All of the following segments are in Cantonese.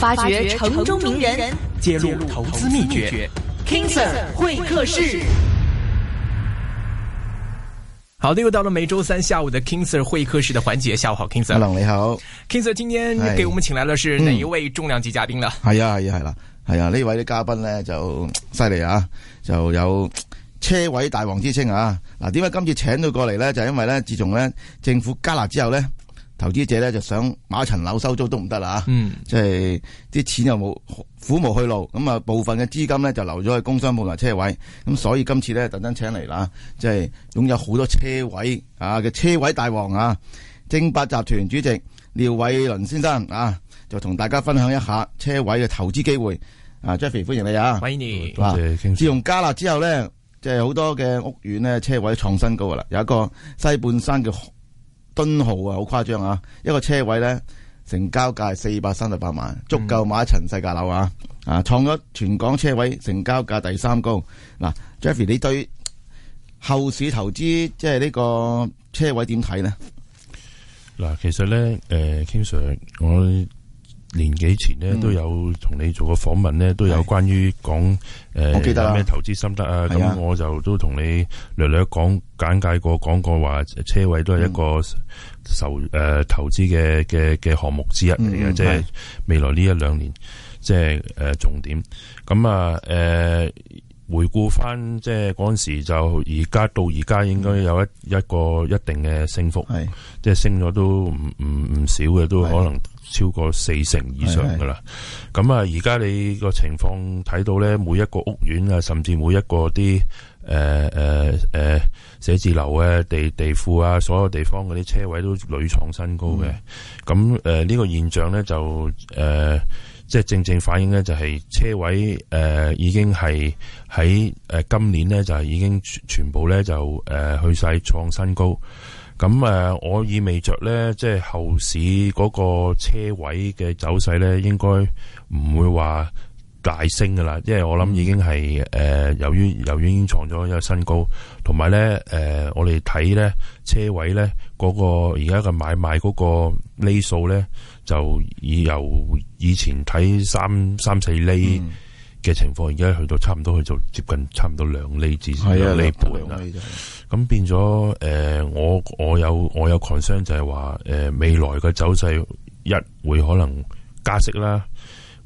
發掘城中名人，揭露投資秘訣。King Sir 會客室。好的，又到了每周三下午的 King Sir 會客室的環節。下午好，King Sir。阿龍你好，King Sir，今天給我們請來了是哪一位重量級嘉賓了？係啊係啊係啦，係啊呢、啊、位的嘉賓呢就犀利啊，就有車位大王之稱啊。嗱、啊，點解今次請到過嚟呢？就係因為呢，自從呢政府加辣之後呢。投資者咧就想買層樓收租都唔得啦嚇，即係啲錢又冇苦無去路，咁啊部分嘅資金咧就留咗去工商鋪嗱車位，咁所以今次咧特登請嚟啦，即係擁有好多車位啊嘅車位大王啊，正八集團主席廖偉麟先生啊，就同大家分享一下車位嘅投資機會啊，Jeffrey，歡迎你啊，Vinny。自從加辣之後咧，即係好多嘅屋苑咧車位創新高噶啦，有一個西半山嘅。敦豪啊，好誇張啊！一個車位咧，成交價四百三十八萬，足夠買一層細價樓啊！啊，創咗全港車位成交價第三高。嗱、啊、，Jeffrey，你對後市投資即係呢個車位點睇呢？嗱，其實咧，誒、呃，King Sir，我。年幾前咧，都有同你做過訪問咧，嗯、都有關於講誒我記得咩投資心得啊，咁、啊、我就都同你略略講簡介過，講過話車位都係一個投誒、嗯、投資嘅嘅嘅項目之一嚟嘅，即係未來呢一兩年即係誒、呃、重點。咁啊誒。呃呃回顧翻即係嗰陣時，就而家到而家應該有一、嗯、一個一定嘅升幅，是即係升咗都唔唔唔少嘅，都可能超過四成以上噶啦。咁啊，而家你個情況睇到咧，每一個屋苑啊，甚至每一個啲誒誒誒寫字樓啊，地地庫啊，所有地方嗰啲車位都屢創新高嘅。咁誒呢個現象咧就誒。呃即係正正反映咧，就係車位誒、呃，已經係喺誒今年咧，就係已經全部咧就誒、呃、去晒創新高。咁誒、呃，我意味着咧，即係後市嗰個車位嘅走勢咧，應該唔會話大升噶啦。因為我諗已經係誒、呃，由於由於已經創咗一個新高，同埋咧誒，我哋睇咧車位咧、那、嗰個而家嘅買賣嗰個數呢單數咧。就以由以前睇三三四厘嘅情況，而家、嗯、去到差唔多去到接近差唔多兩厘至三、嗯、厘盤啦。咁變咗誒、呃，我我有我有 concern 就係話，誒、呃，未來嘅走勢一會可能加息啦，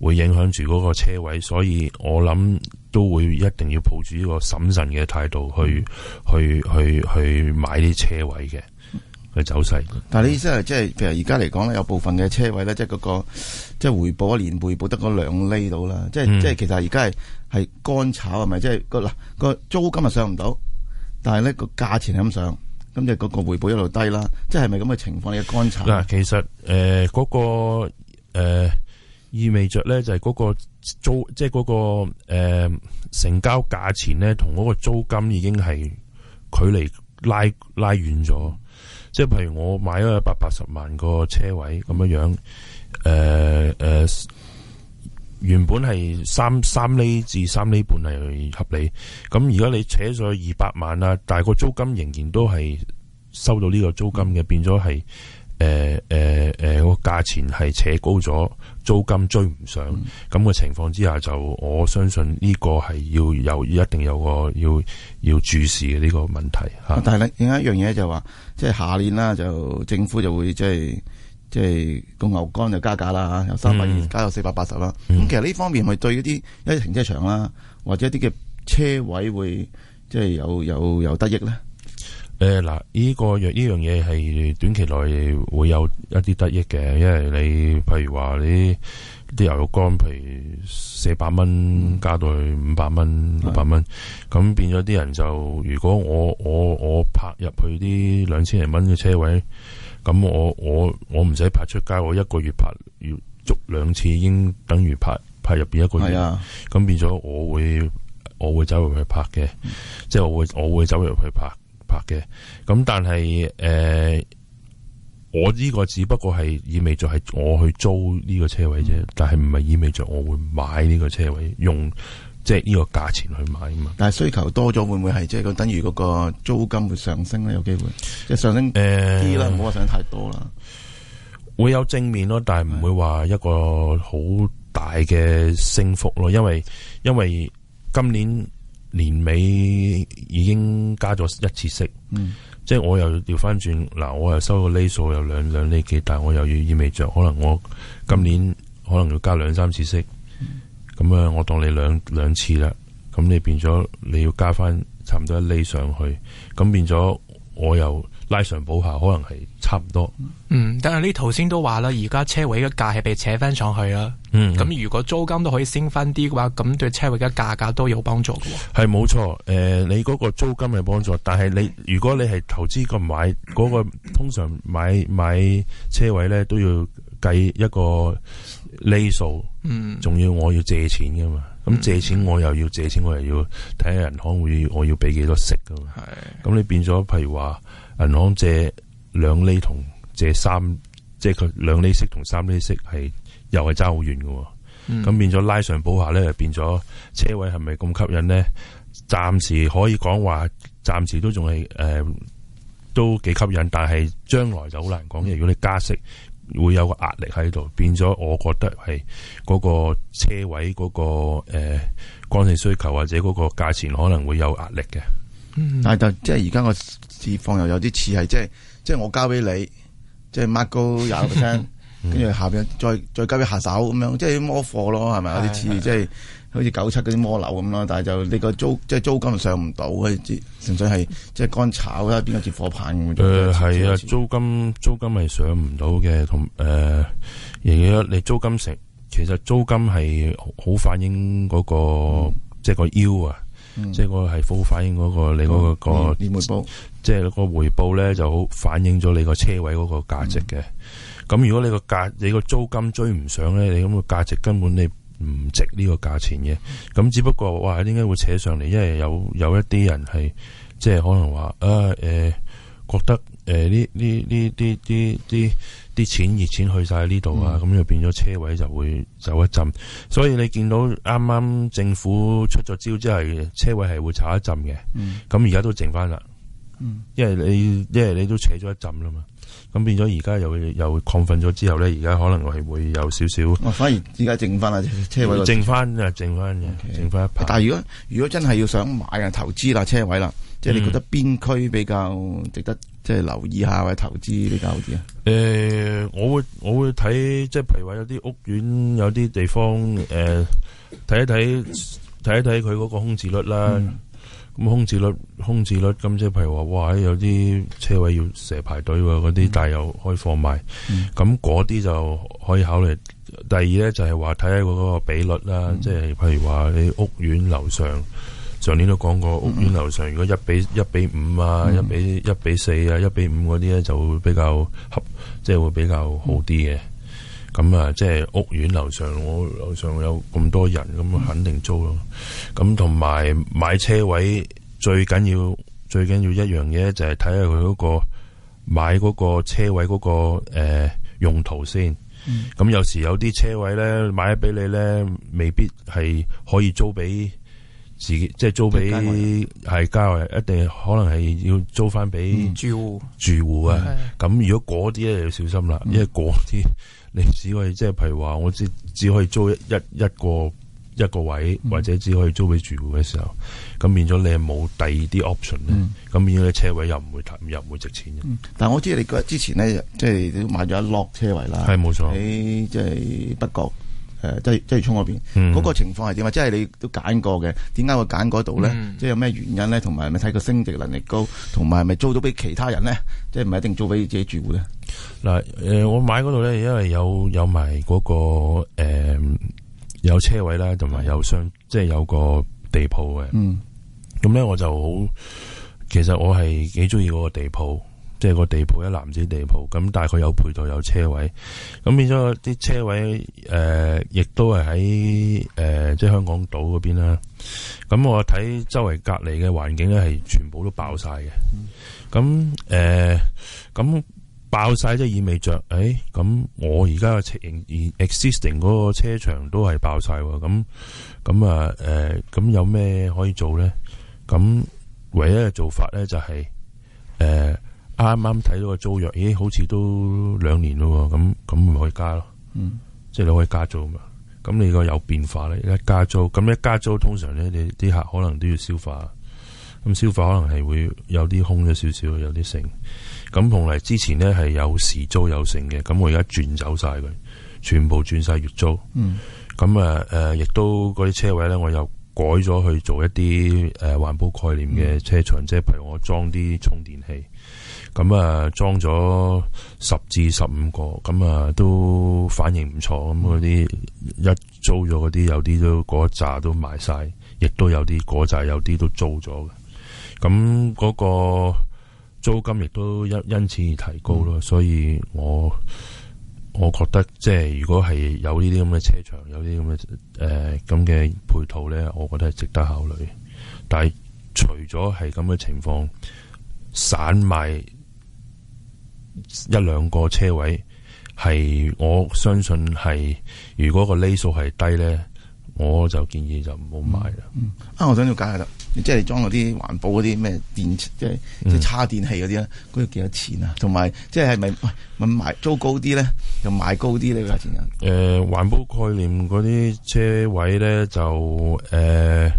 會影響住嗰個車位，所以我諗都會一定要抱住呢個審慎嘅態度去、嗯、去去去，去，去，去買啲車位嘅。嘅走勢，但係你意思係即係，譬如而家嚟講咧，有部分嘅車位咧，即係嗰、那個即係回報一年回報得嗰兩厘度啦。即係、嗯、即係，其實而家係係乾炒係咪？即係嗱個租金啊上唔到，但係咧個價錢係咁上，咁就係嗰個回報一路低啦。即係係咪咁嘅情況？你乾炒嗱？其實誒嗰、呃那個誒、呃、意味着咧，就係、是、嗰、那個租即係嗰個誒成交價錢咧，同嗰個租金已經係距離拉拉遠咗。即係譬如我買咗一百八十萬個車位咁樣，樣誒、呃、誒、呃，原本係三三厘至三厘半係合理，咁而家你扯咗二百萬啦，但係個租金仍然都係收到呢個租金嘅，變咗係誒誒誒個價錢係扯高咗，租金追唔上，咁嘅、嗯、情況之下就我相信呢個係要有一定有個要要注視嘅呢個問題吓。但係另一樣嘢就話、是。即係下年啦，就政府就會即係即係個牛肝就加價啦，由三百二加到四百八十啦。咁、嗯嗯、其實呢方面係咪對嗰啲一啲停車場啦，或者一啲嘅車位會即係有有有得益咧？誒，嗱、呃，呢、這個約呢樣嘢係短期內會有一啲得益嘅，因為你譬如話你啲牛肉乾，譬如四百蚊加到去五百蚊、六百蚊，咁是的 變咗啲人就，如果我我我泊入去啲兩千零蚊嘅車位，咁我我我唔使泊出街，我一個月泊要續兩次，已經等於泊泊入邊一個月，咁是的 變咗我會我會走入去泊嘅，即係是的 我會我會走入去泊。嘅咁，但係誒、呃，我呢個只不過係意味住係我去租呢個車位啫，嗯、但係唔係意味住我會買呢個車位，用即係呢個價錢去買啊嘛。但係需求多咗，會唔會係即係等，等於嗰個租金會上升咧？有機會即係上升啲啦，唔好話上太多啦。會有正面咯，但係唔會話一個好大嘅升幅咯，因為因為今年。年尾已經加咗一次息，嗯、即係我又調翻轉嗱，我又收個利數又兩兩釐幾，但係我又要意味著可能我今年可能要加兩三次息，咁啊、嗯、我當你兩兩次啦，咁你變咗你要加翻差唔多一釐上去，咁變咗我又。拉上補下，可能係差唔多嗯嗯。嗯，但係呢頭先都話啦，而家車位嘅價係被扯翻上去啦。嗯，咁如果租金都可以升翻啲嘅話，咁對車位嘅價格都有幫助嘅。係冇錯，誒、呃，你嗰個租金係幫助，但係你如果你係投資，嗰個買嗰個，通常買買車位咧都要計一個釐數。嗯，仲要我要借錢噶嘛？咁、嗯、借錢我又要借錢，我又要睇下銀行會我要俾幾多息噶嘛？係是。咁你變咗譬如話。銀行借兩厘同借三，即係佢兩厘息同三厘息係又係差好遠嘅，咁、嗯、變咗拉上補下咧，變咗車位係咪咁吸引咧？暫時可以講話暫時、呃、都仲係誒都幾吸引，但係將來就好難講嘅。嗯，如果你加息，會有個壓力喺度，變咗我覺得係嗰個車位嗰、嗰個誒剛性需求或者嗰個價錢可能會有壓力嘅。嗯、但係就即係而家個市況又有啲似係即係即係我交俾你，即係 mark 高廿六個 percent，跟住下邊再再交俾下手咁樣，即係要摸貨咯，係咪有啲似？即係好似九七嗰啲摸樓咁咯。但係就是你個租即係、就是、租金上唔到，即純粹係即係乾炒啦，邊個接火棒咁？誒、呃，係啊的，租金租金係上唔到嘅，同誒而家你租金食，其實租金係好反映嗰、那個即係個腰啊。嗯嗯。嗯、即係個係好反映嗰個你嗰個個即係個回報咧、嗯、就好反映咗你個車位嗰個價值嘅。咁、嗯、如果你個價你個租金追唔上咧，你咁個價值根本你唔值呢個價錢嘅。咁、嗯、只不過哇，點解會扯上嚟？因為有有一啲人係即係可能話啊誒、呃，覺得誒呢呢呢啲啲啲。呃啲錢熱錢去晒呢度啊，咁就、嗯、變咗車位就會走一浸。所以你見到啱啱政府出咗招之後，即係車位係會炒一浸嘅，咁而家都剩翻啦、嗯，因為你因為你都扯咗一浸啦嘛。咁變咗而家又又亢奮咗之後咧，而家可能係會有少少。哦，反而而家剩翻啦，車位剩剩。剩翻啊，剩翻嘅，剩翻一排。但係如果如果真係要想買啊，嗯、投資啦，車位啦，即係你覺得邊區比較值得即係留意下或者投資比較好啲啊？誒、呃，我會我會睇，即係譬如話有啲屋苑有啲地方誒，睇、呃、一睇睇一睇佢嗰個空置率啦。嗯咁空置率、空置率，咁即係譬如話，哇，有啲車位要蛇排隊喎，嗰啲大有開放賣，咁嗰啲就可以考慮。第二咧就係話睇下嗰個比率啦，即係、嗯、譬如話你屋苑樓上，上年都講過，嗯、屋苑樓上如果一比一比五啊，一比一比四啊，一比五嗰啲咧就會比較合，即係會比較好啲嘅。咁啊，即係屋苑樓上，我樓上有咁多人，咁啊肯定租咯。咁同埋買車位最緊要，最緊要一樣嘢就係睇下佢嗰個買嗰個車位嗰個誒用途先。咁有時有啲車位咧買咗俾你咧，未必係可以租俾自己，即係租俾係郊外，一定可能係要租翻俾住戶住戶啊。咁如果嗰啲咧要小心啦，因為嗰啲。你只可以即係，譬如話我只只可以租一一一個一個位，或者只可以租俾住戶嘅時候，咁、嗯、變咗你係冇第二啲 option 咧，咁、嗯、變咗你車位又唔會又唔會值錢。嗯、但係我知你嗰之前咧，即係都買咗一落車位啦，係冇錯。喺即係北角誒，即係即係涌嗰邊，嗰、即係即係嗯、個情況係點啊？即、就、係、是、你都揀過嘅，點解會揀嗰度咧？即係、嗯、有咩原因咧？同埋係咪睇個升值能力高，同埋係咪租到俾其他人咧？即係唔一定租俾自、自己住戶咧？嗱，誒、呃，我買嗰度咧，因為有有埋嗰、那個誒、呃、有車位啦，同埋有商，即係有個地鋪嘅。嗯，咁咧我就好，其實我係幾中意嗰個地鋪，即係個地鋪一男子地鋪。咁，但係佢有配套有車位，咁變咗啲車位誒、呃，亦都係喺誒，即係香港島嗰邊啦。咁我睇周圍隔籬嘅環境咧，係全部都爆晒嘅。咁誒，咁、呃。嗯爆晒即係意味着，誒、哎、咁我而家嘅車而 existing 嗰個車場都係爆晒喎，咁咁啊誒，咁、呃、有咩可以做咧？咁唯一嘅做法咧就係誒啱啱睇到個租約，咦、哎、好似都兩年咯喎，咁咁咪可以加咯，嗯，即係你可以加租嘛？咁你個有變化咧，一加租，咁一加租通常咧，你啲客可能都要消化，咁消化可能係會有啲空咗少少，有啲剩。咁同嚟之前咧係有時租有成嘅，咁我而家轉走晒佢，全部轉晒月租。咁啊誒，亦都嗰啲車位咧，我又改咗去做一啲誒環保概念嘅車場，即係譬如我裝啲充電器。咁啊裝咗十至十五個，咁啊都反應唔錯。咁嗰啲一租咗嗰啲，有啲都嗰一扎都賣晒，亦都，都有啲嗰扎有啲都租咗嘅。咁、那、嗰個。租金亦都因因此而提高咯，嗯、所以我我覺得即係如果係有呢啲咁嘅車場，有啲咁嘅誒咁嘅配套咧，我覺得係、呃、值得考慮。但係除咗係咁嘅情況，散賣一兩個車位，係我相信係如果個厘數係低咧，我就建議就唔好買啦、嗯嗯。啊，我想了解下。即係裝嗰啲環保嗰啲咩電，即係即係叉電器嗰啲咧，嗰度幾多錢啊？同埋即係係咪買租高啲咧，又賣高啲呢？個價錢啊？誒，環保概念嗰啲車位咧就誒。呃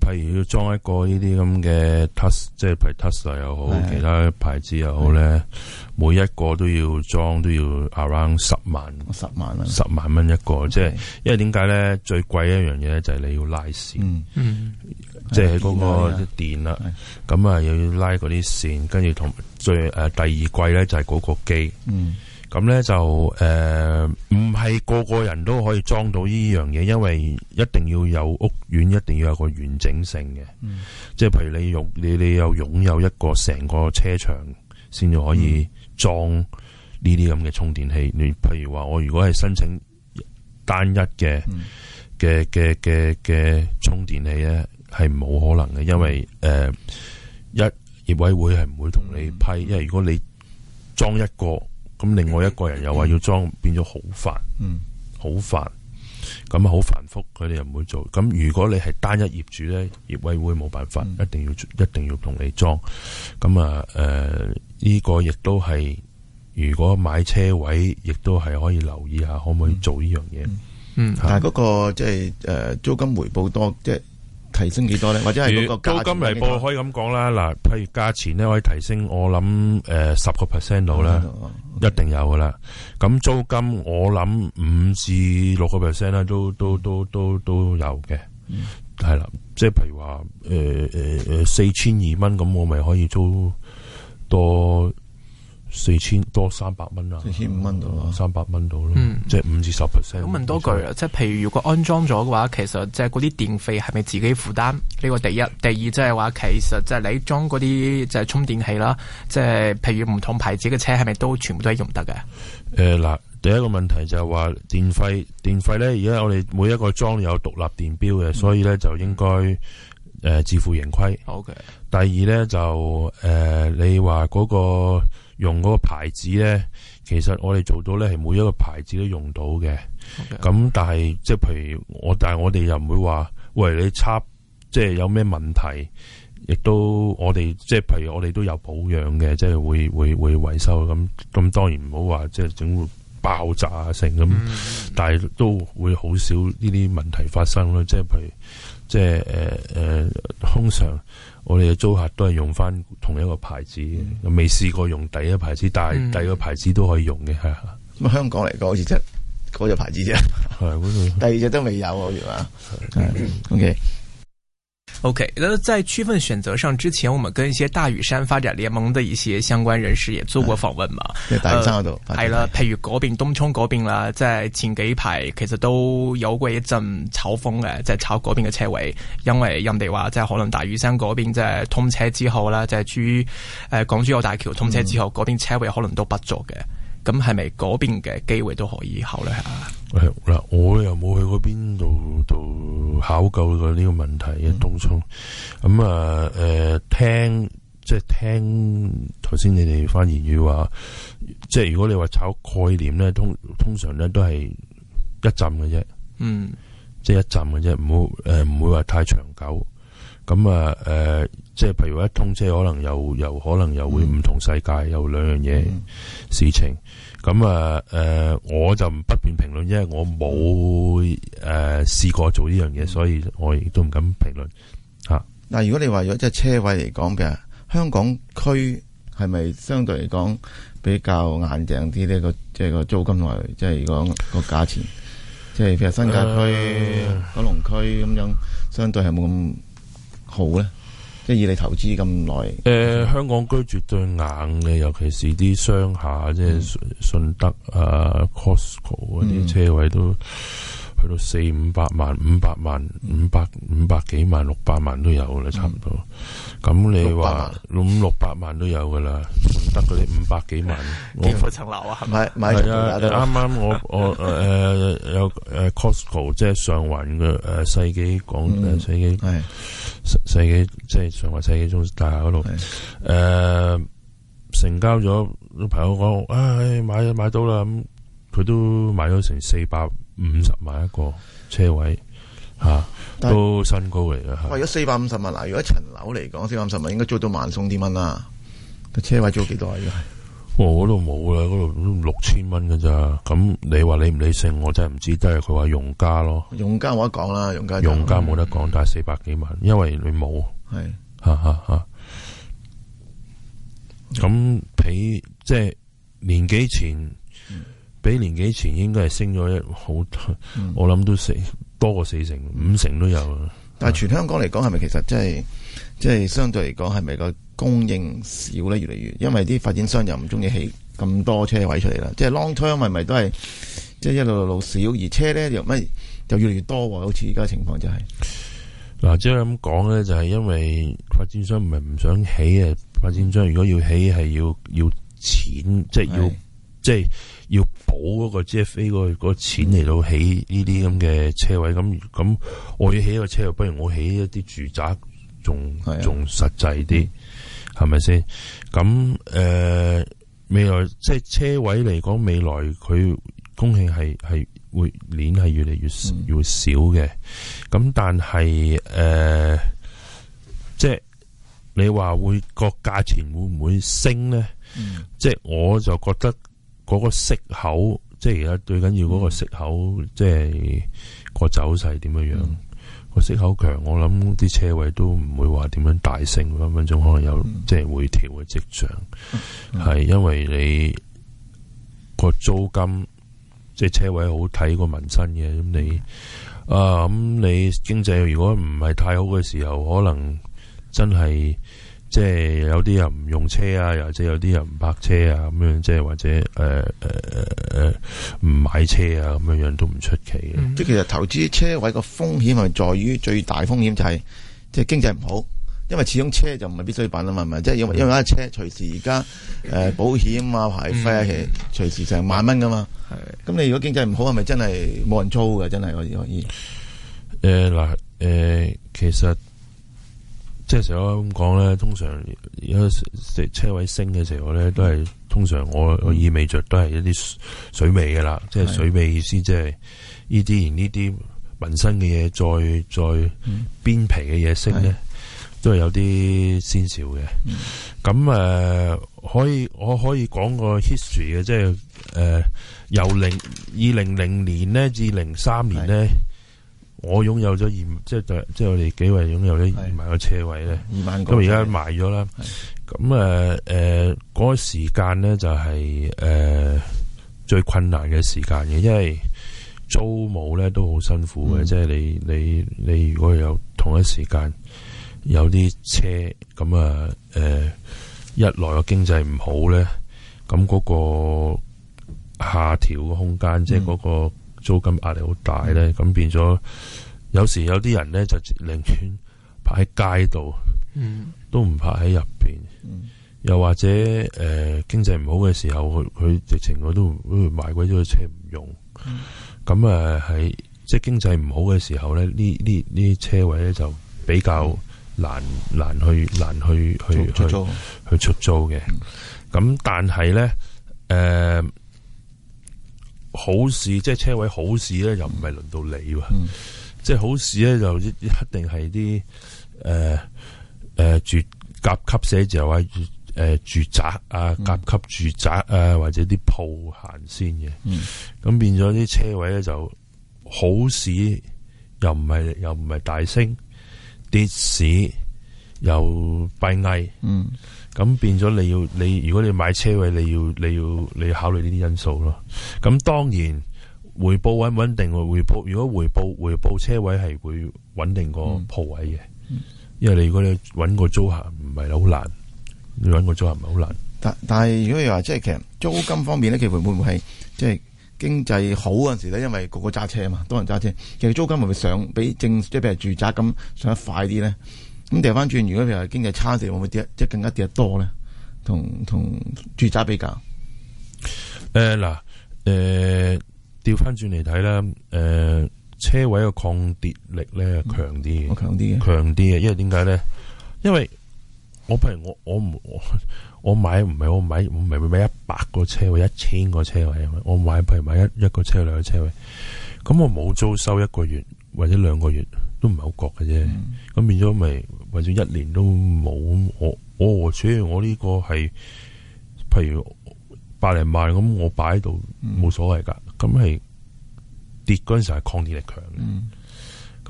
譬如要裝一個呢啲咁嘅 Touch，即係譬如 Tus 又好，的其他牌子又好咧，的每一個都要裝都要 around 十萬，十萬啦，十萬蚊一個，即係 okay. 因為點解咧？最貴一樣嘢咧就係你要拉線，嗯、即係嗰、嗰個、的個電啦，咁啊又要拉嗰啲線，跟住同最誒、啊、第二貴咧就係嗰個機。嗯嗯咁咧就誒，唔、呃、係個個人都可以裝到呢樣嘢，因為一定要有屋苑，一定要有個完整性嘅。即係，嗯、譬如你用你你又擁有一個成個車場，先至可以裝呢啲咁嘅充電器。你譬如話，我如果係申請單一嘅嘅嘅嘅嘅充電器咧，係冇可能嘅，因為誒、呃，一業委會係唔會同你批，嗯、因為如果你裝一個。咁另外一個人又話要裝，變咗好煩，嗯，好煩，咁啊好繁複，佢哋又唔會做。咁如果你係單一業主咧，業委會冇辦法，一定要一定要同你裝。咁啊，誒呢個亦都係，如果買車位，亦都係可以留意下，可唔可以做呢樣嘢？嗯，嗯係，但係嗰個即係誒租金回報多，即係。提升幾多咧？或者係嗰個租金嚟報可以咁講啦。嗱，譬如價錢咧可以提升，我諗誒十個 percent 度咧，呃哦、一定有噶啦。咁、哦 okay. 租金我諗五至六個 percent 咧，都都都都都有嘅。係啦、嗯，即係譬如話誒誒誒四千二蚊，咁、呃呃、我咪可以租多。四千多三百蚊啊，四千五蚊到啦，三百蚊到咯，嗯、即係五至十 percent。咁問多句啊，即係譬如如果安裝咗嘅話，其實即係嗰啲電費係咪自己負擔？呢、呢個第一，嗯、第二即係話，其實即係你裝嗰啲就係充電器啦，即係譬如唔同牌子嘅車，係咪都全部都係用得嘅？誒嗱、呃，第一個問題就係話電費，電費咧而家我哋每一個裝有獨立電表嘅，嗯、所以咧就應該誒、呃、自負盈虧。OK。第二咧就誒、呃、你話嗰、嗰個。用嗰個牌子咧,其實我哋做到咧係每一個牌子都用到嘅。咁 Okay. 但係即係譬如我，但係我哋又唔會話，喂，你插即係有咩問題，亦都我哋即係譬如我哋都有保養嘅，即係會會會維修。咁咁當然唔好話即係整會爆炸成咁，嗯、但係都會好少呢啲問題發生咯。即係譬如即係誒誒通常，呃呃通常我哋嘅租客都係用翻同一個牌子，嘅、嗯，未試過用第一個牌子，但係第二個牌子都可以用嘅，係咁香港嚟講，好似即係隻牌子啫，係嗰度，第二隻都未有，好似話？係，OK。OK，那在區分選擇上，之前我們跟一些大嶼山發展聯盟的一些相關人士也做過訪問嘛。喺啦，譬如嗰邊東涌嗰邊啦，即係前幾排其實都有過一陣炒風嘅、啊，即係炒嗰邊嘅車位，因為人哋話即係可能大嶼山嗰邊即係通車之後啦，即係主誒港珠澳大橋通車之後，嗰邊、嗯、車位可能都不足嘅。咁係咪嗰邊嘅機會都可以考慮下？係嗱、嗯，我又冇去嗰邊度度考究過呢個問題嘅東涌。咁啊，誒、嗯嗯嗯，聽即係聽頭先你哋發言語話，即係如果你話炒概念咧，通通常咧都係一陣嘅啫。嗯，即係一陣嘅啫，唔好誒，唔會話太長久。咁啊，誒、嗯，即係譬如一通車，可能又又可能又會唔同世界，有兩樣嘢事情。咁啊、嗯，誒、嗯嗯，我就不便評論，因為我冇誒試過做呢樣嘢，所以我亦都唔敢評論。吓、啊，嗱，如果你話有隻車位嚟講嘅，香港區係咪相對嚟講比較硬淨啲呢？個即係、就是、個租金同即係講個價錢，即、就、係、是、譬如新界區、九龍區咁樣，相對係冇咁。好咧，即係以你投資咁耐。誒、呃，香港居絕對硬嘅，尤其是啲商廈，嗯、即係順德啊，Costco 嗰啲車位都。嗯去到四五百萬、五百萬、五百五百幾萬、六百萬都有啦，差唔多。咁你話五六百萬都有噶啦，唔得嗰啲五百幾萬。幾多層樓啊？係咪？係啊，啱啱我我誒有誒 Costco 即係上環嘅誒世紀廣誒世紀世世紀即係上環世紀中心大廈嗰度誒成交咗。個朋友講：唉，買啊買到啦！咁佢都買咗成四百。五十萬一個車位吓，啊、但 都新高嚟㗎！為咗四百五十萬嗱，如果層樓嚟講，四百五十萬應該租到萬鬆啲蚊啦。個車位租幾多啊？嗯、而家我嗰度冇啦，嗰度六千蚊噶咋？咁你話理唔理性，我真係唔知，都係佢話用家咯，用家冇得講啦，用家用家冇得講，但係四百幾萬，因為你冇係，吓吓吓。咁、okay. 啊啊啊、俾即係、就是、年紀前。比年幾前應該係升咗一好多，嗯、我諗都四多過四成，五成都有。但係全香港嚟講，係咪其實即係即係相對嚟講，係咪個供應少咧越嚟越？因為啲發展商又唔中意起咁多車位出嚟啦。即、就、係、是、long term 係咪都係即係一路，路路少，而車咧又乜就越嚟越多喎？好似而家情況就係、是、嗱，即係咁講咧，就係、是就是、因為發展商唔係唔想起啊。發展商如果要起係要要錢，就是、要是即係要即係。補嗰個即係飛過去個錢嚟到起呢啲咁嘅車位咁咁，我要起個車又不如我起一啲住宅，仲仲實際啲，係咪先？咁誒、呃，未來即係車位嚟講，未來佢供氣係係會鏈係越嚟越越少嘅。咁、嗯、但係誒、呃，即係你話會個價錢會唔會升咧？嗯、即係我就覺得。嗰個息口，即係而家最緊要嗰個息口，即係個走勢點樣樣？個、嗯、息口強，我諗啲車位都唔會話點樣大升，分分鐘可能有、嗯、即係回調嘅跡象。係、嗯嗯、因為你、個租金即係車位好睇個民生嘅，咁你啊咁、呃、你經濟如果唔係太好嘅時候，可能真係。即係有啲人唔用車啊，又或者有啲人唔泊車啊，咁樣即係或者誒誒誒唔買車啊，咁樣樣都唔出奇嘅。嗯、即係其實投資車位個風險係在於最大風險就係、是、即係經濟唔好，因為始終車就唔係必需品啊嘛，唔咪，即係因為是因為有車隨時而家誒保險啊、牌費啊，係隨時成萬蚊噶嘛。咁是、嗯、你如果經濟唔好，係咪真係冇人租嘅？真係可以可以。誒嗱誒，其實。即係成日都咁講咧，通常一車位升嘅時候咧，都係通常我我意味着都係一啲水尾嘅啦、嗯，即係水尾意思即係呢啲而呢啲民生嘅嘢，再再邊皮嘅嘢升咧，嗯、都係有啲先兆嘅。咁誒、嗯呃、可以我可以講個 history 嘅，即係誒、呃、由零二零零年咧至零三年咧。我擁有咗二，即係即係我哋幾位擁有咗二，是二萬個車位咧，咁而家賣咗啦。咁誒誒，嗰、呃那個時間咧就係、是、誒、呃、最困難嘅時間嘅，因為租務咧都好辛苦嘅，即係、嗯、你你你如果有同一時間有啲車，咁啊誒一來個經濟唔好咧，咁嗰個下調嘅空間即係嗰個。租金壓力好大咧，咁、嗯、變咗有時有啲人咧就寧願泊喺街度，嗯、都唔泊喺入邊。嗯、又或者誒、呃、經濟唔好嘅時候，佢佢直情佢都賣鬼咗個車唔用。咁誒係即係經濟唔好嘅時候咧，呢呢呢啲車位咧就比較難、嗯、難去難去去出租去，去，去出租去出租嘅。咁、嗯、但係咧誒。呃呃好市，即係車位好市咧，又唔係輪到你，嗯、即係好市咧，就一定係啲誒誒住甲級寫字樓誒住宅啊，嗯、甲級住宅啊，或者啲鋪行先嘅，咁、嗯、變咗啲車位咧就好市又唔係又唔係大升，跌市又閉翳、嗯。咁變咗你要你如果你買車位，你要你要你要你要考慮呢啲因素咯。咁當然回報穩唔穩定個回報，如果回報回報車位係會穩定個鋪位嘅，嗯嗯、因為你如果你揾個租客唔係好難，你揾個租客唔係好難。但但係如果你話即係其實租金方面咧，其實會唔會係即係經濟好嗰陣時咧，因為個個揸車啊嘛，多人揸車，其實租金會唔會上比正即係譬如住宅咁上得快啲咧？咁掉翻轉，嗯、如果譬如經濟差啲，會唔會跌，即係更加跌得多咧？同同住宅比較。誒、呃，嗱、呃，誒，調翻轉嚟睇啦。誒，車位嘅抗跌力咧強啲，強啲，強啲嘅。因為點解咧？因為我譬如我我我我買唔係我買唔係咪買一百個車位，一千個車位。我買譬如買一一個車位兩個車位，咁我冇租收一個月或者兩個月都唔係好覺嘅啫。咁、嗯、變咗咪、就是？為咗一年都冇，我我主要我呢個係，譬如百零萬咁，我擺喺度冇所謂噶，咁係跌嗰陣時係抗跌力強嘅，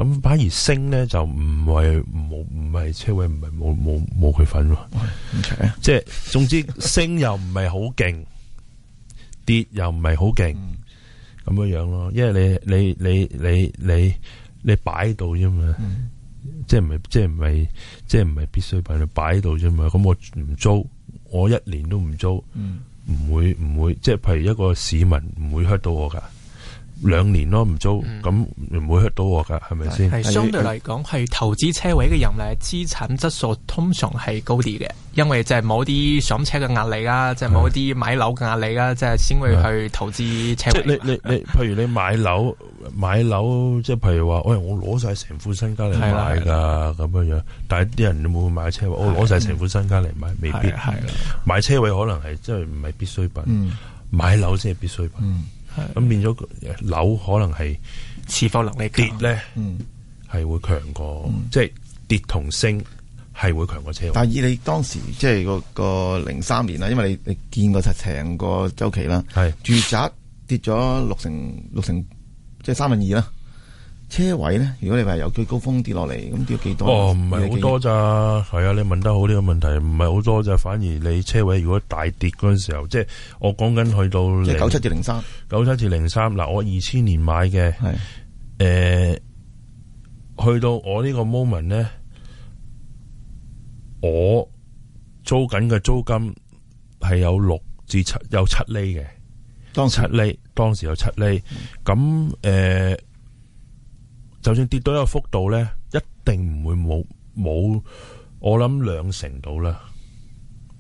咁反而升咧就唔係冇，唔係車位，唔係冇冇冇佢份喎，即係總之升又唔係好勁，跌又唔係好勁，咁樣樣咯，因為你你你你你你擺喺度啫嘛。即係唔係，即係唔係，即係唔係必需品，你擺喺度啫嘛？咁我唔租，我一年都唔租，唔會、嗯、唔會，即係譬如一個市民唔會 hurt 到我噶。兩年咯，唔租咁唔、嗯、會 hurt 到我噶，係咪先？係相對嚟講，係投資車位嘅人咧，資產質素通常係高啲嘅。因為就係冇啲上車嘅壓力啦，就冇、是、啲買樓嘅壓力啊，即係先會去投資車位、就是、你你你，譬如你買樓，買樓即係譬如話、哎，我我攞晒成副身家嚟買噶咁樣樣。但係啲人會唔會買車位？的我攞晒成副身家嚟買，未必係。買車位可能係即係唔係必需品，買樓先係必需品。嗯嗯咁變咗樓可能係持貨能力跌咧，係會強過，嗯、即係跌同升係會強過車。但以你當時即係個零三年啦，因為你你見過成個周期啦，係是住宅跌咗六成六成，即係三分二啦。車位咧，如果你話由最高峰跌落嚟，咁跌幾多？哦，唔係好多咋，係 啊！你問得好呢個問題，唔係好多咋，反而你車位如果大跌嗰陣時候，即係我講緊去到九七至零三，九七至零三。嗱，03, 我二千年買嘅，係誒是、呃，去到我個呢個 moment 咧，我租緊嘅租金係有六至七，有七厘嘅，當時七厘，當時有七厘，咁誒。呃就算跌到一個幅度咧，一定唔會冇冇，我諗兩成到啦，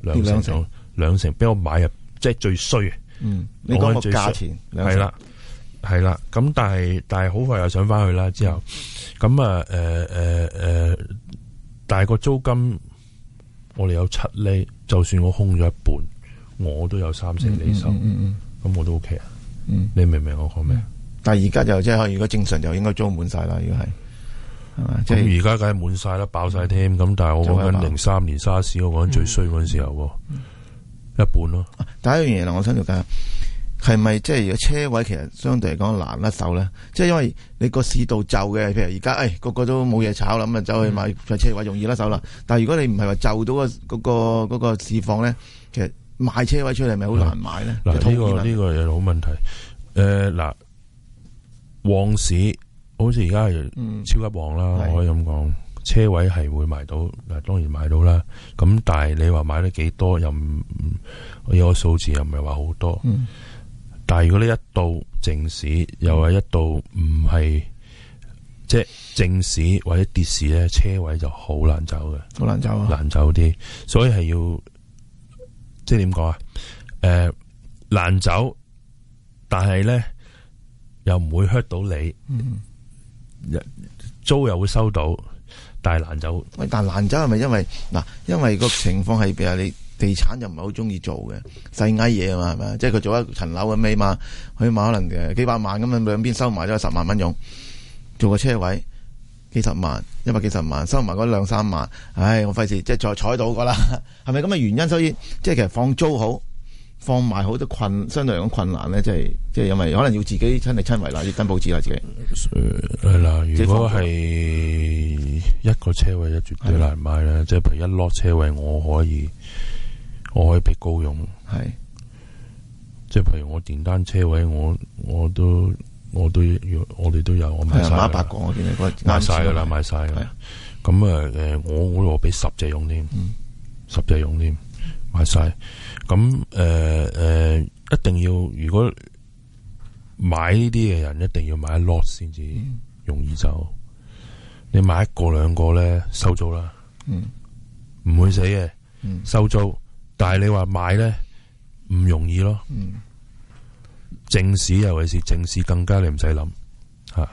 兩成兩成，俾我買入即係最衰。嗯，你講個價錢係啦，係啦。咁但係但係好快又上翻去啦。之後咁啊誒誒誒，但係個租金我哋有七厘，就算我空咗一半，我都有三成利收。嗯咁、嗯嗯嗯、我都 OK 啊。嗯、你明唔明我講咩？嗯但係而家就即係如果正常就應該租滿晒啦，如果係，咁而家梗係滿晒啦，爆晒添。咁但係我講緊零三年沙士、嗯，我講緊最衰嗰陣時候，嗯、一半咯、啊。第、啊、一樣嘢，我想了解係咪即係如果車位其實相對嚟講難甩手咧？即係因為你個市道就嘅，譬如而家，誒、哎，個個都冇嘢炒，咁啊走去買塊車位容易甩手啦。但係如果你唔係話就到、那個嗰、那個、那個市況咧，其實買車位出嚟咪好難買咧。嗱呢、嗯，這個呢、這個又好、這個這個、問題。誒、呃、嗱。呃旺市好似而家係超級旺啦，嗯、我可以咁講，是車位係會買到，嗱當然買到啦。咁但係你話買得幾多又唔？我有個數字又唔係話好多。嗯、但係如果你一到靜市，又係一到唔係即係靜市或者跌市咧，車位就好難走嘅，好難走啊，難走啲，所以係要即係點講啊？誒、呃，難走，但係咧。又唔會 hurt 到你，嗯、租又會收到，但係難走。喂，但難走係咪因為嗱？因為個情況係誒，你地產又唔係好中意做嘅細埃嘢啊嘛，係咪？即係佢做一層樓嘅尾嘛，佢買可能幾百萬咁樣兩邊收埋咗十萬蚊用，做個車位幾十萬，一百幾十萬收埋嗰兩三萬，唉，我費事即係再采到噶啦，係咪咁嘅原因？所以即係其實放租好。放埋好多困難，相對嚟講困難咧，即係即係因為可能要自己親力親為啦，要登報紙啦自己。係啦，如果係一個車位就絕對難賣啦，的即係譬如一落車位，我可以，我可以俾高佣。係的，即係譬如我電單車位我，我都我都我都我哋都，都有，我賣晒啦。馬我見佢啱啦，賣晒啦。咁啊，誒，我我我俾十隻佣添，十隻、嗯、佣添。買晒咁誒誒，一定要如果買呢啲嘅人，一定要買一落先至容易走。嗯、你買一個兩個咧，收租啦，唔、嗯、會死嘅，嗯、收租。但係你話買咧，唔容易咯。嗯、正市，尤其是正市，更加你唔使諗吓。啊、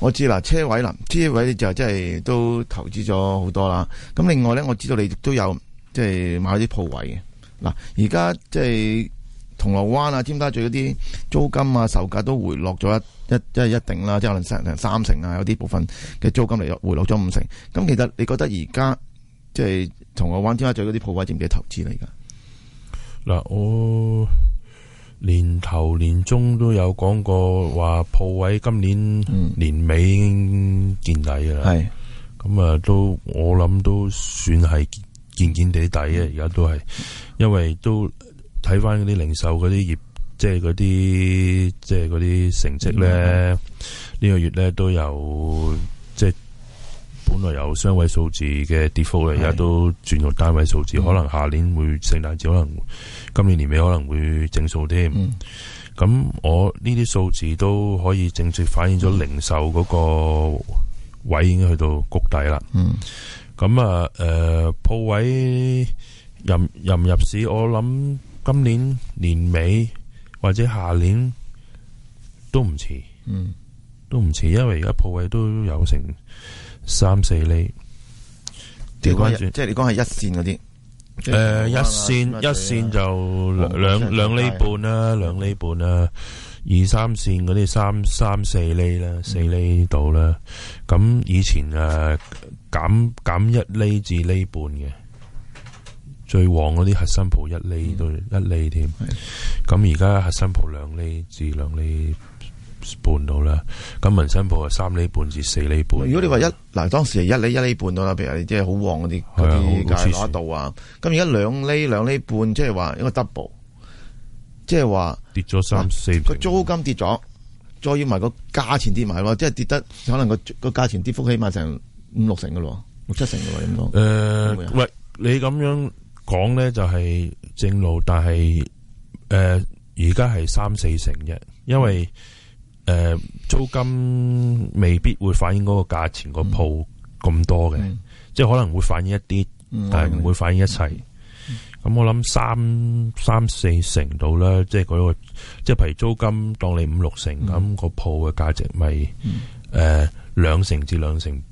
我知啦車位啦，車位就真係都投資咗好多啦。咁另外咧，我知道你都有。即係買啲鋪位嘅，嗱，而家即係銅鑼灣啊、尖沙咀嗰啲租金啊、售價都回落咗一一即係一定啦，即係可能成成三成啊，有啲部分嘅租金嚟回落咗五成。咁其實你覺得而家即係銅鑼灣、尖沙咀嗰啲鋪位值唔值投資嚟噶？嗱，我年頭年中都有講過話鋪位今年年尾已經見底噶啦，咁、嗯、啊都我諗都算係。件件地底嘅，而家都係，因為都睇翻嗰啲零售嗰啲業，即係嗰啲，即係嗰啲成績咧，呢、嗯、個月咧都有，即係本來由雙位數字嘅跌幅，而家都轉到單位數字，嗯、可能下年會聖誕節，可能今年年尾可能會正數添。咁、嗯、我呢啲數字都可以正式反映咗零售嗰個位已經去到谷底啦。嗯。咁啊，誒、呃，鋪位入入唔入市，我諗今年年尾或者下年都唔遲，嗯，都唔遲，嗯，因為而家鋪位都有成三四厘。調翻轉，即係你講係一綫嗰啲，誒、呃，是一綫一綫就兩兩厘半啦，啊，兩厘、嗯、半啦，啊。二三線嗰啲三三四厘啦，四厘度啦。咁、嗯、以前誒減減一厘至厘半嘅，最旺嗰啲核心盤一厘都、嗯、一厘添。咁而家核心盤兩厘至兩厘半到啦。咁民生盤係三厘半至四厘半。如果你話一嗱當時係一厘一厘半到啦，譬如話啲即係好旺嗰啲嗰啲街攞啊。咁而家兩厘兩厘半，即係話一個 double。即係話跌咗三四成，個租金跌咗，再要埋個價錢跌埋咯，即係跌得可能個個價錢跌幅起碼成五六成嘅咯，六七成嘅咯，咁講。誒、呃，喂，你咁樣講咧就係正路，但係誒而家係三四成嘅，因為誒、嗯呃、租金未必會反映嗰個價錢個鋪咁多嘅，嗯嗯、即係可能會反映一啲，但係唔會反映一切。嗯嗯.咁我諗三三四成度啦，即係嗰、嗰個，即係譬如租金當你五六成，咁、嗯、個鋪嘅價值咪誒兩成至兩成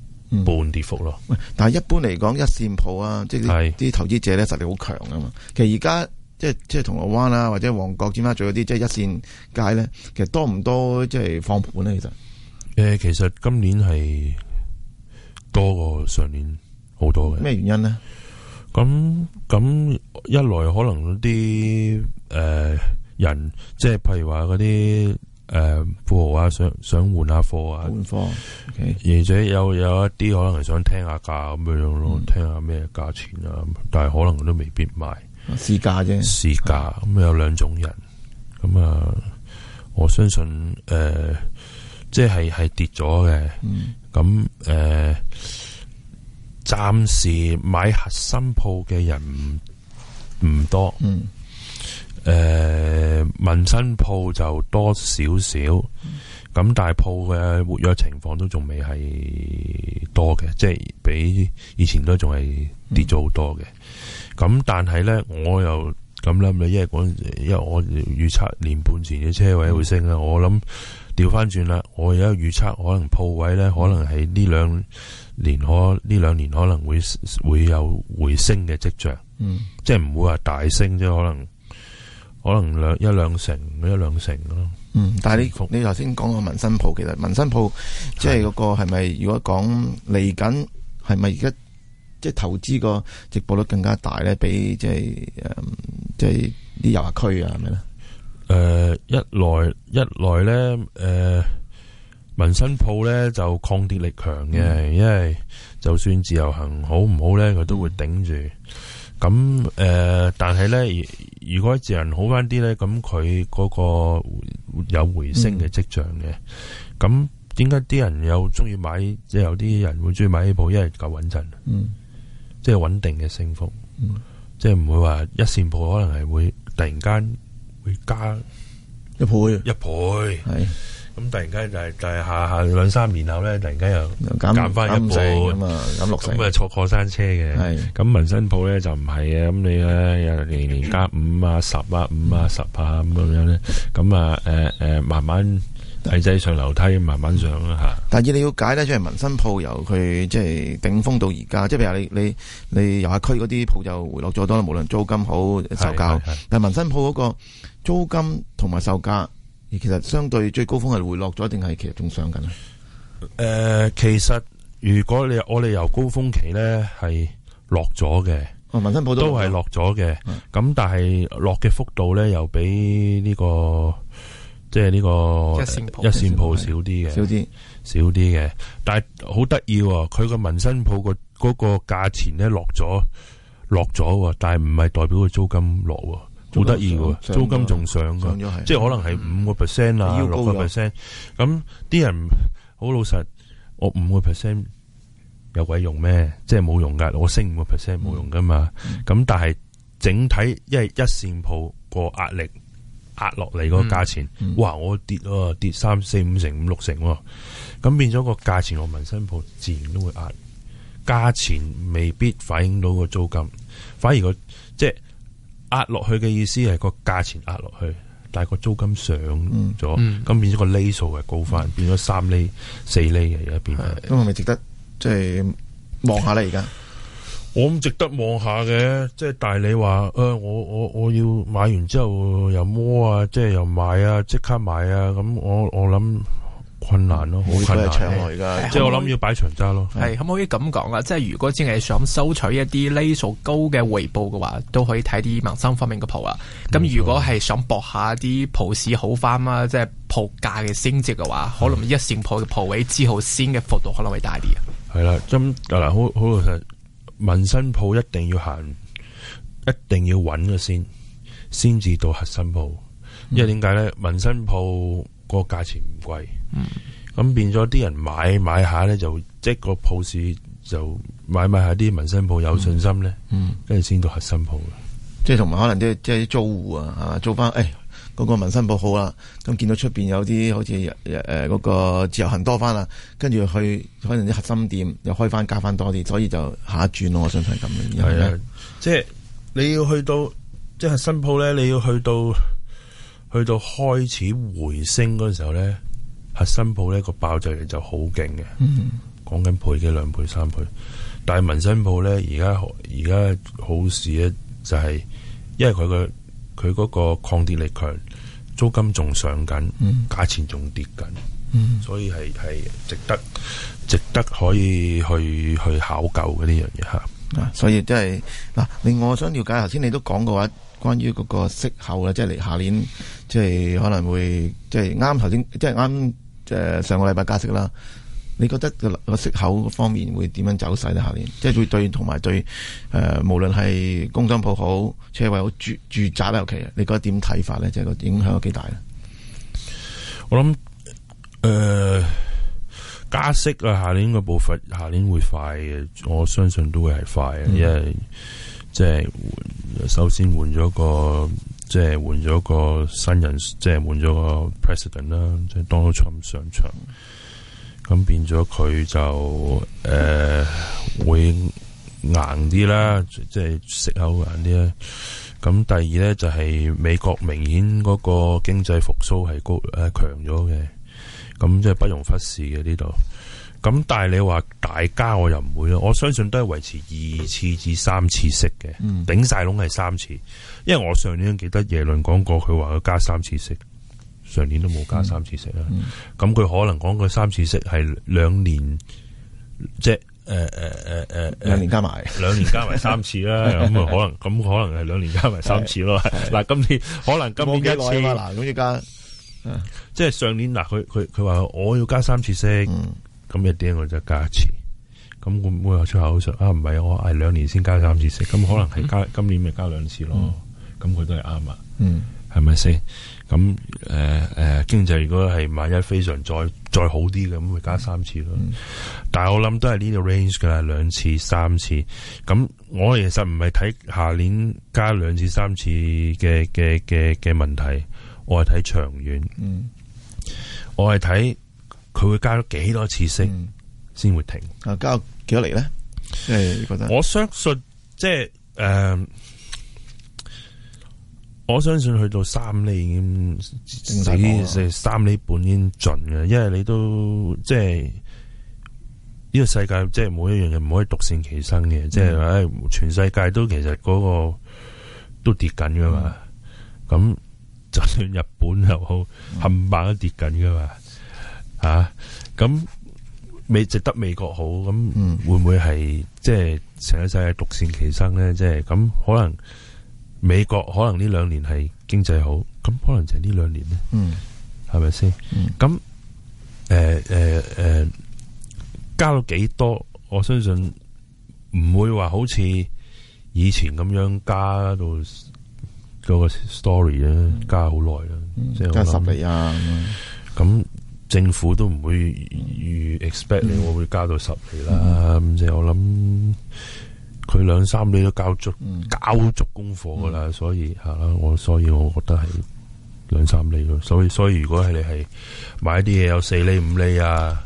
半跌幅咯。但係一般嚟講，一線鋪啊，即係啲投資者咧實力好強啊嘛。其實而家即係即係銅鑼灣啊，或者旺角尖沙咀嗰啲即係一線街咧，其實多唔多即係放盤咧？其實誒，其實今年係多過上年好多嘅。咩原因咧？咁咁一來可能啲誒、呃、人，即係譬如話嗰啲誒富豪啊，想想換下貨啊，換貨，okay. 而且有有一啲可能係想聽下價咁樣樣咯，嗯、聽下咩價錢啊，但係可能都未必賣市價啫，市價咁有兩種人，咁啊，我相信誒、呃，即係係跌咗嘅，咁誒、嗯。嗯呃暫時買核心鋪嘅人唔唔多，嗯，誒、呃，民生鋪就多少少，咁大、嗯、鋪嘅活躍情況都仲未係多嘅，即係比以前都仲係跌咗好多嘅。咁、嗯、但係咧，我又咁諗，你一係講，因為我預測年半前嘅車位會升啦，嗯、我諗。調翻轉啦，我而家預測可能鋪位咧，可能係呢兩年可呢兩年可能會會有回升嘅跡象。嗯，即係唔會話大升啫，可能可能兩一兩成一兩成咯。嗯，但係你你頭先講個民生鋪其實民生鋪即係嗰個係咪？如果講嚟緊係咪而家即係投資個直播率更加大咧？比即係誒，即係啲遊客區啊，係咪咧？誒、uh,，一來一來咧，誒、uh,，民生鋪咧就抗跌力強嘅。 因為就算自由行好唔好咧，佢都會頂住。咁、嗯、誒、嗯，但係咧，如果自由行好翻啲咧，咁佢嗰個有回升嘅跡象嘅。咁點解啲人又中意買？即係有啲人會中意買呢鋪，因為夠穩陣，嗯，即係穩定嘅升幅，嗯、即係唔會話一綫鋪可能係會突然間。會加一倍，一倍係，咁突然間就係就係下下兩三年後咧，突然間又減翻一半，減六成咁啊！坐過山車嘅，係咁民身鋪咧就唔係嘅。咁你咧又年年加五啊、十啊、五啊、十啊咁咁樣咧，咁啊誒誒慢慢。矮仔上樓梯，慢慢上啦吓。但係以了解咧，即係民生鋪由佢即係頂峰到而家，即係譬如你你你遊客區嗰啲鋪就回落咗多啦，無論租金好售價。但係民生鋪嗰、那個租金同埋售價，其實相對最高峰係回落咗，定係其實仲上緊？誒、呃，其實如果你我哋由高峰期咧係落咗嘅，民生鋪都都係落咗嘅。咁、哦、但係落嘅幅度咧，又比呢、這個。即係呢、這個一,一線鋪少啲嘅，少啲少啲嘅。但係好得意，佢個民生鋪個嗰個價錢咧落咗，落咗。但係唔係代表佢租金落，好得意。租金仲、哦、上噶了，上上即係可能係五個 percent 啊，要六個 percent。咁啲、啊嗯、人好老實，我五個 percent 有鬼用咩？即係冇用噶，我升五個 percent 冇用噶嘛。咁、嗯、但係整體，因為一線鋪個壓力。壓落嚟個價錢，嗯嗯、哇！我跌喎，跌三四五成五六成，咁變咗個價錢，我民生舖自然都會壓。價錢未必反映到個租金，反而個即係壓落去嘅意思係個價錢壓落去，但係個租金上咗，咁、嗯嗯、變咗個厘數係高返，嗯、變咗三厘、四厘嘅而家變。咁係咪值得即係望下咧而家？我唔值得望下嘅，即係但你話，誒、呃，我我我要買完之後又摸啊，即係又買啊，即刻買啊，咁我我諗困難咯，好困難。即係是我諗要擺長揸咯。係，可唔可以咁講啊？即係如果淨係想收取一啲 level 高嘅回報嘅話，都可以睇啲民生方面嘅鋪啊。咁如果係想搏下啲鋪市好翻啊，即係鋪價嘅升值嘅話，可能一線鋪嘅鋪位之後先嘅幅度可能會大啲。係啦，咁、嗯、嗱，好好老實。民生鋪一定要行，一定要穩嘅先，先至到核心鋪。因、嗯、為點解咧？民生鋪個價錢唔貴，咁、嗯、變咗啲人買買下咧，就即係個鋪市就買買下啲民生鋪有信心咧、嗯嗯，嗯，跟住先到核心鋪即係同埋可能即係即係啲租戶啊，做翻誒。哎嗰個民生鋪好啦，咁見到出邊有啲好似誒誒嗰個自由行多翻啦、啊，跟住去可能啲核心店又開翻加翻多啲，所以就下一轉咯。我相信咁樣。係啊，即係你要去到即係核心鋪咧，你要去到去到開始回升嗰陣時候咧，核心鋪咧、個爆炸力就好勁嘅。嗯哼，講緊倍嘅兩倍三倍，但係民生鋪咧而家而家好事咧就係、是，因為佢嘅佢嗰個抗跌力強。租金仲上緊，價錢仲跌緊，嗯、所以係係值得，值得可以去去考究嘅呢樣嘢嚇。所以即係嗱，另外、啊、我想了解頭先你都講過話，關於嗰個息口啊，即係嚟下年，即、就、係、是、可能會即係啱頭先，即係啱即係上個禮拜加息啦。你覺得個個息口方面會點樣走勢咧？下年即係會對同埋對誒、呃，無論係工商鋪好，車位好，住住宅都尤其啊，你覺得點睇法咧？即係個影響有幾大咧？我諗誒、呃，加息啊，下年個步伐下年會快嘅，我相信都會係快嘅，因為、嗯、即係首先換咗個，即係換咗個新人，即係換咗個 president 啦，即係 Donald Trump 上場。咁變咗佢就誒、呃、會硬啲啦，即係息口硬啲啦。咁第二咧就係、是、美國明顯嗰個經濟復甦係高誒、啊、強咗嘅，咁即係不容忽視嘅呢度。咁但係你話大家我又唔會咯，我相信都係維持二次至三次息嘅，嗯、頂晒籠係三次。因為我上年記得耶倫講過，佢話佢加三次息。上年都冇加三次息啦，咁佢可能講佢三次息係兩年，即係誒誒誒誒兩年加埋，兩年加埋三次啦。咁可能咁可能係兩年加埋三次咯。嗱，今年，可能今年冇一次嗱，咁而家，即係上年嗱，佢佢佢話我要加三次息，咁一啲我就加一次。咁、嗯、唔我出口上啊，唔係我係兩年先加三次息，咁可能係加、嗯、今年咪加兩次咯。咁佢都係啱啊。嗯。係咪先？咁誒誒，經濟如果係萬一非常再再好啲嘅，咁會加三次咯。嗯、但係我諗都係呢個 range 噶啦，兩次三次。咁我其實唔係睇下年加兩次三次嘅嘅嘅嘅問題，我係睇長遠。嗯，我係睇佢會加咗幾多次息先、嗯、會停。啊，加幾多厘咧？誒、呃，我覺得我相信即係誒。呃我相信去到三厘已經死，三厘半已經盡嘅，因為你都即係呢、這個世界，即係每一樣嘢唔可以獨善其身嘅，嗯、即係誒，全世界都其實嗰、那個都跌緊噶嘛，咁就算日本又好，冚唪唥都跌緊噶嘛，吓，咁美值得美國好咁，會唔會係、嗯、即係成個世界獨善其身咧？即係咁可能。美國可能呢兩年係經濟好，咁可能就係呢兩年咧，係咪先？咁誒誒誒，加到幾多？我相信唔會話好似以前咁樣加到嗰個 story 咧、嗯，加好耐啦，即係、嗯、加十厘啊！咁那、嗯、政府都唔會 expect 你我會加到十厘啦，即係、嗯、我諗。佢兩三厘都交足，嗯、交足功課噶啦，嗯、所以係啦，我所以我覺得係兩三厘咯。所以，所以如果係你係買啲嘢，有四厘五厘啊，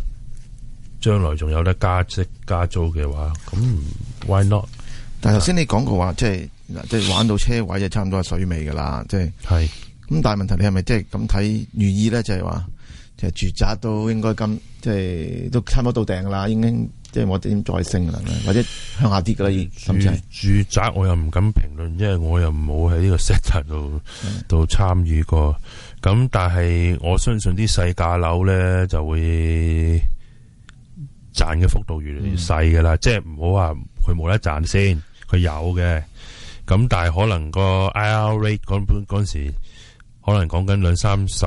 將來仲有得加息加租嘅話，咁、嗯、why not？但係頭先你講過話，即係即係玩到車位就差唔多係水尾噶啦，即係係。咁是但係問題你係咪即係咁睇寓意咧？就係、是、話，就是、住宅都應該咁，即、就、係、是、都差唔多到頂噶啦，已經。即係我點再升能啦，或者向下跌噶啦，甚至係住宅，我又唔敢評論，因為我又冇喺呢個 set 度度參與過。咁的但係我相信啲細價樓咧就會賺嘅幅度越嚟越細噶啦。嗯、即係唔好話佢冇得賺先，佢有嘅。咁但係可能個 I R rate 嗰本陣時，可能講緊兩三十，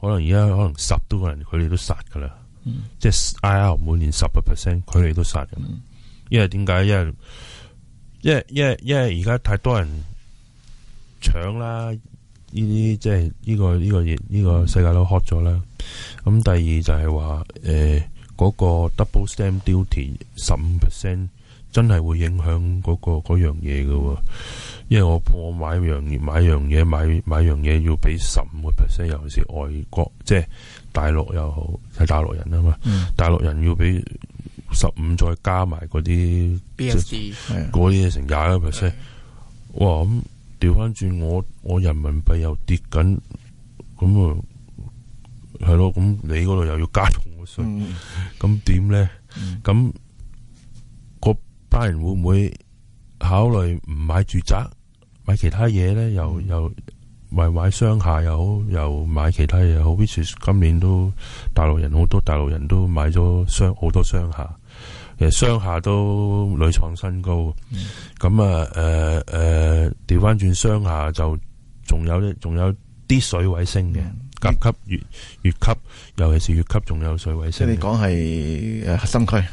可能而家可能十人都可能佢哋都殺噶啦。即係 I R 每年十個 percent，佢哋都殺噶、嗯，因為點解？因為因為因為而家太多人搶啦，呢啲即係呢、這個呢、這個熱呢、這個這個世界都 hot 咗啦。咁、嗯、第二就係話誒，嗰、呃那個 double stamp duty 十五 percent。真係會影響嗰、嗰個嗰樣嘢嘅、哦，因為我我買樣買樣嘢買買樣嘢要俾十五個 percent，又好似外國即係大陸又好，係大陸人啊嘛，嗯、大陸人要俾十五再加埋嗰啲，嗰啲嘢成廿一 percent。哇咁調翻轉我我人民幣又跌緊，咁啊係咯，咁你嗰度又要加重個稅，咁點咧？咁、嗯家人會唔會考慮唔買住宅，買其他嘢咧？又又買買商廈又好，又買其他嘢好。which is, 今年都大陸人好多，大陸人都買咗商好多商廈，其實商廈都屢創新高。咁啊、嗯，誒誒，調翻轉商廈就仲有啲，仲有啲水位升嘅，甲、嗯、級，級乙乙級，尤其是乙級仲有水位升。你係講係誒核心區。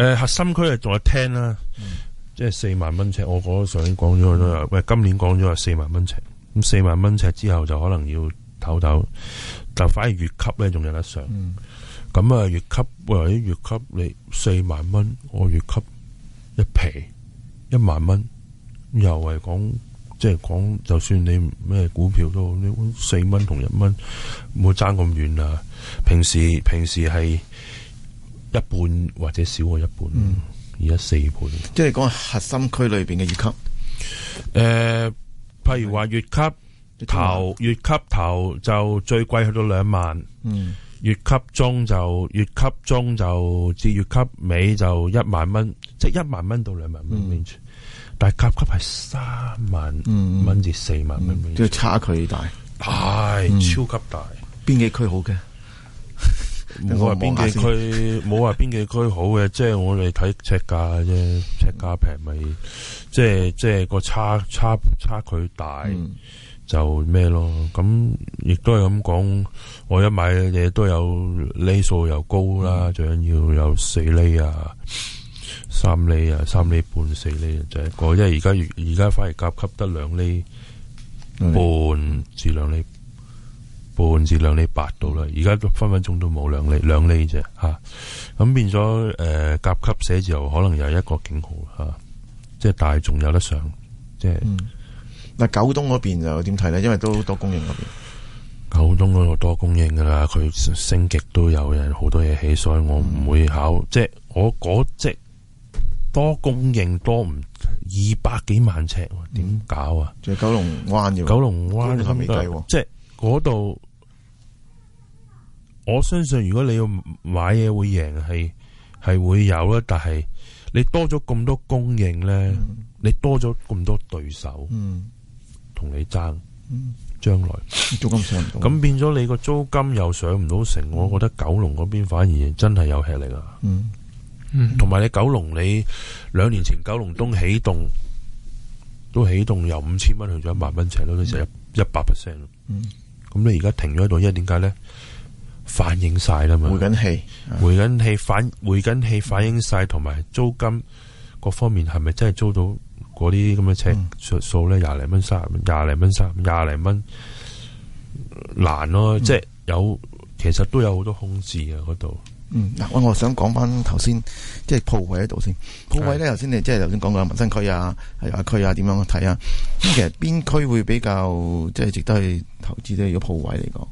誒、呃，核心區係仲有聽啦、嗯，即係四萬蚊尺，我嗰時講咗都係，喂，今年講咗係四萬蚊尺，咁四萬蚊尺之後就可能要唞唞。嗯、但反而月級咧仲有得上，咁、嗯、啊月級或者月級你四萬蚊，我月級一皮一萬蚊，又係講即係講，就是、就算你咩股票都好，你四蚊同一蚊，唔會爭咁遠啦，平時平時係。一半或者少過一半，而家、嗯、四倍。即係講核心區裏邊嘅乙級，誒、呃，譬如話乙級頭，乙級頭就最貴去到兩萬，嗯月，乙級中就乙級中就至乙級尾就一萬蚊，即係一萬蚊到兩萬蚊邊、嗯、但係甲級係三萬蚊至四萬蚊即係差距大，係唉、嗯、超級大。邊幾區好嘅？冇話，邊幾區冇話邊幾區好嘅，即係 我哋睇尺價嘅啫，尺價平咪即係即係個差差差距大，嗯，就咩咯？咁亦都係咁講，我一買嘢都有厘數又高啦，最緊，嗯，要有四厘啊，三厘啊，三厘半，四厘就係個，因為而家而家反而夾級得兩厘半至兩厘。嗯半至兩厘八度啦，而家分分鐘都冇兩厘兩厘啫，吓咁、啊、變咗誒甲級寫字樓可能又一個警號吓，即係大眾有得上，即係嗱九東嗰邊又點睇咧？因為都多供應邊，九東嗰度多供應噶啦，佢升極都有人好多嘢起，所以我唔會考，嗯、即係我嗰隻多供應多唔二百幾萬尺，點、啊、搞啊？即係、嗯、九龍灣要九龍灣都未計喎，即係嗰度。我相信如果你要買嘢會贏，係係會有啦。但係你多咗咁多供應咧，嗯、你多咗咁多對手，同、嗯、你爭，將來租金上咁變咗你個租金又上唔到成。嗯、我覺得九龍嗰邊反而真係有吃力啊、嗯。嗯，同埋你九龍，你兩年前九龍東起動，都起動由五千蚊去咗一萬蚊尺咯，你成一百 percent 咯。咁你而家停咗喺度，因為點解咧？反映晒啦嘛，回緊氣，回緊氣反回緊氣反映晒，同埋租金各方面係咪真係租到嗰啲咁嘅尺數咧？廿零蚊卅，廿零蚊卅，廿零蚊難咯，嗯、即係有其實都有好多空置啊嗰度。嗯，嗱，我我想講翻頭先，即係鋪位喺度先，鋪位咧，頭先你即係頭先講過民生區啊，係啊區啊，點樣去睇啊？咁其實邊區會比較即係值得去投資呢個鋪位嚟講？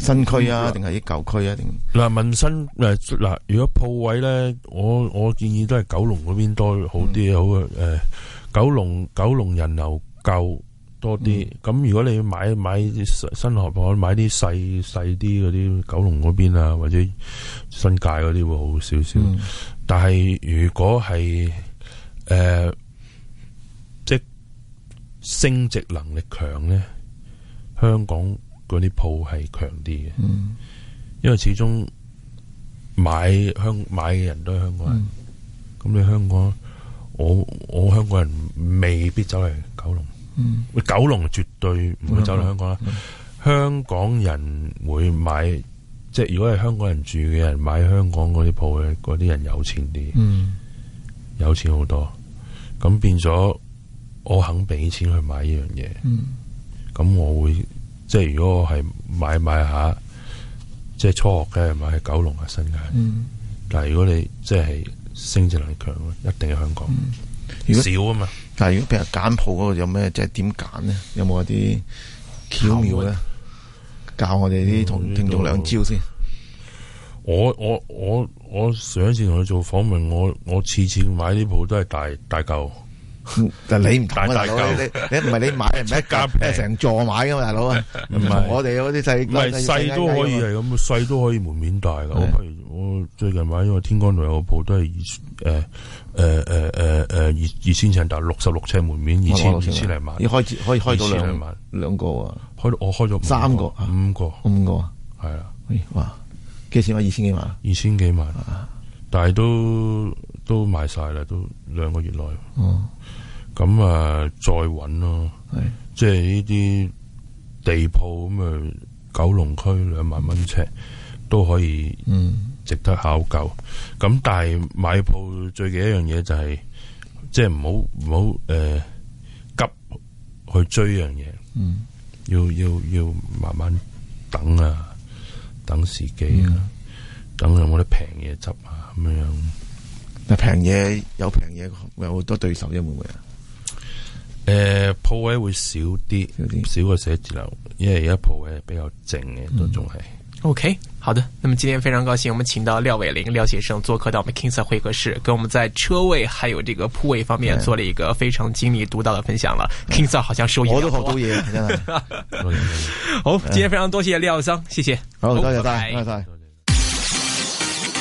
新區啊，定係啲舊區啊？定嗱，問新誒，嗱、呃，如果鋪位咧，我我建議都係九龍嗰邊多好啲，嗯、好誒、呃，九龍九龍人流夠多啲，咁、嗯、如果你買買新學房，買啲細細啲嗰啲九龍嗰邊啊，或者新界嗰啲會好少少，嗯、但係如果係誒、呃、即升值能力強咧，香港。嗰啲鋪係強啲嘅，嗯、因為始終買香買嘅人都係香港人。咁、嗯、你香港，我我香港人未必走嚟九龍，嗯、九龍絕對唔會走嚟香港啦。嗯嗯、香港人會買，即係如果係香港人住嘅人買香港嗰啲鋪嘅，嗰啲人有錢啲，嗯、有錢好多。咁變咗，我肯俾錢去買呢樣嘢，咁、嗯、我會。即係如果我係買買下，即係初學嘅買喺九龍啊新界，嗯、但係如果你即係升值能力強，一定係香港。嗯、如果少啊嘛！但係如果譬如揀鋪嗰度有咩即係點揀呢？有冇啲巧妙咧？妙呢教我哋啲、嗯、同聽眾兩招先。嗯、我我我我上一次同佢做訪問，我我，我次次買啲鋪都係大大舊。大但係你唔同啊大佬，你你唔係你買，唔係一間，成座買噶嘛大佬啊，唔係我哋嗰啲細唔係細都可以係咁，細都可以門面大噶。我譬如我最近買因為天光道有個鋪都係二誒誒誒誒誒二二千尺，但係六十六尺門面，二千二千零萬，一開可以開到兩萬兩個啊，開我開咗三個啊，五個五個啊，係啊，哇，幾錢啊？二千幾萬？二千幾萬啊？但係都。都賣晒啦，都兩個月內。哦，咁啊，再穩咯。係是，即係呢啲地鋪咁啊，九龍區兩萬蚊尺都可以，嗯，值得考究。咁、嗯、但係買鋪最緊要一樣嘢就係，即係唔好唔好誒急去追一樣嘢。嗯，要要要慢慢等啊，等時機啦，嗯、等有冇啲平嘢執啊咁樣。平嘢有平嘢，有好多對手嘅會唔會啊？誒，鋪位會少啲，有少嘅寫字樓，因為而家鋪位比較靜嘅都仲係。OK，好的，那麼今天非常高興，我們請到廖偉麟、廖先生做客到我們 King Sir 會客室，跟我們在車位還有這個鋪位方面做了一個非常精密獨到的分享了。King Sir 好像收音好多嘢，好，今天非常多謝廖先生，謝謝，好，多謝，拜拜。